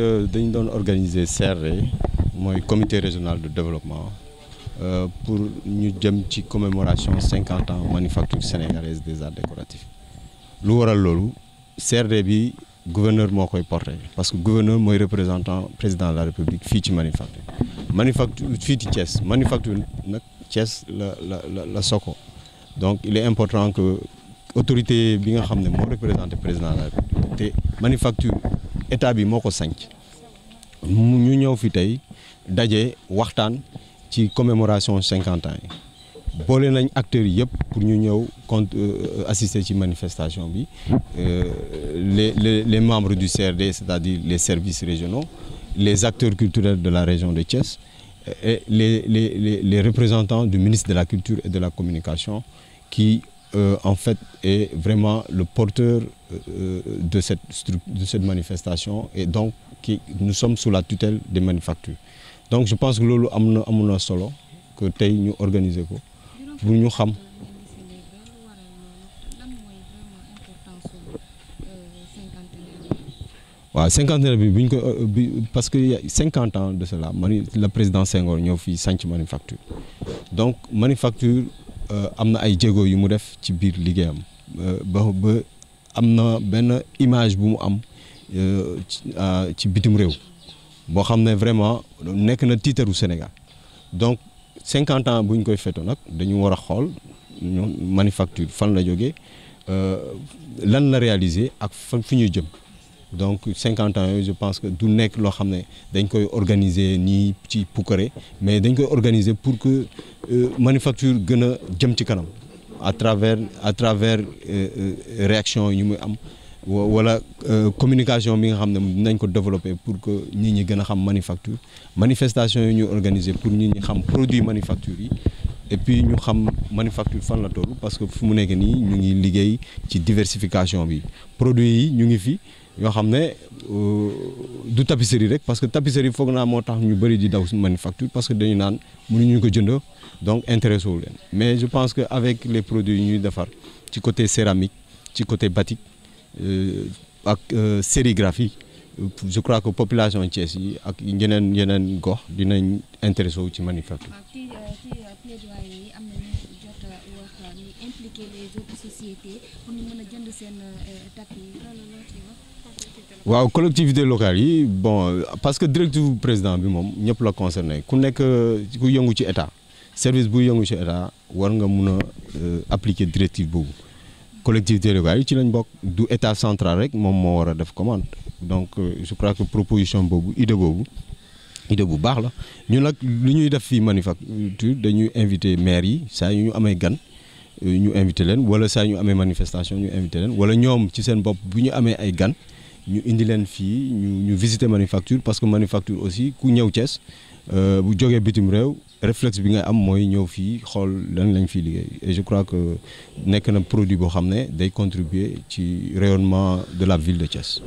dañu doon organiser CRD mooy comité régional de développement euh, pour ñu jëm ci commémoration cinquante ans manufacture sénégalaise des arts décoratifs lu waral loolu CRD bi gouverneur moo koy porté parce que gouverneur mooy représentant président de la république fii ci manufacture manufacture fii ci Thiès manufacture nag Thiès la la la la soko donc il est important que autorité bi nga xam ne moo représenté président de la république te manufacture état bi moo ko sanc mu ñu ñëw fi tey daje waxtaan ci commémoration cinquante ans yi boole nañ acteurs yëpp pour ñu ñëw compte euh, assister ci manifestation bi euh, les les les membres du CRD c'est-à-dire les services régionaux les acteurs culturels de la région de Thiès et les les les les représentants du ministre de la culture et de la communication qui euh, en fait, est vraiment le porteur euh, de, cette de cette manifestation et donc qui, nous sommes sous la tutelle des manufactures. Donc je pense que loolu am na amoon na solo que tey ñu organiser ko pour ñu xam. waaw cinquantenaire bi bu ñu ko euh, parce que cinquante ans de cela le président Senghor ñëw fii sanc manufacture donc manufacture. Euh, am na ay jéego yu mu def ci biir liggéeyam euh, ba ba am na benn image bu mu am euh, ci bitim réew boo xam ne vraiment nekk na tiitaru Sénégal donc cinquante ans bu ñu koy feto nag dañu war a xool ñu manufacture fan la jógee lan la réaliser ak fan fi ñuy jëm donc cinquante ans yooyu je pense que du nekk loo xam ne dañ koy organiser nii ci Poukéré mais dañ koy organiser pour que euh, manufacture gën a jëm ci kanam à travers à travers euh, euh, réaction yi muy am wala communication bi nga xam ne dinañ ko développer pour que nit ñi gën xam manufacture manifestation yi ñuy organiser pour nit ñi xam produit manufacture yi et puis ñu xam manufacture fan la toll parce que fu mu nekk nii ñu ngi liggéey ci diversification bi produit yi ñu ngi fi yoo xam ne euh, du tapisserie rek parce que tapisserie foog naa moo tax ñu bëri di daw manufacture parce que dañu naan ñu ko jënd donc intéressé wu leen mais je pense que avec les produits ñuy defar ci côté céramique ci côté batik euh, ak euh, euh, je crois que population Thiès yi ak yeneen yeneen gox dinañ intéressé ci manufacture. Euh, euh, ñu jot wax ñu euh, impliqué les ci wax. waaw collectivité locale yi bon parce que directive président bi moom ñëpp la concerné ku nekk ku yëngu ci état service buy yëngu ci état war nga mun a appliquer directive boobu. collectivité locale yi ci lañ bokk du état central rek moom moo war a def commande donc euh, je crois que proposition boobu idée boobu idée bu baax la ñu nag lu ñuy def fii manufacture dañuy invité maire yi saa yu ñu amee gan euh, ñu invité leen wala saa ñu amee manifestation ñu invité leen wala ñoom ci seen bopp bu ñu amee ay gan ñu indi leen fii ñu ñu visiter manufacture parce que manufacture aussi ku ñëw Thiès euh, bu jogee bitim réew réflexe bi nga am mooy ñëw fii xool lan lañ fiy liggéey et je crois que nekk na produit boo xam ne day contribuer ci rayonnement de la ville de Thiès.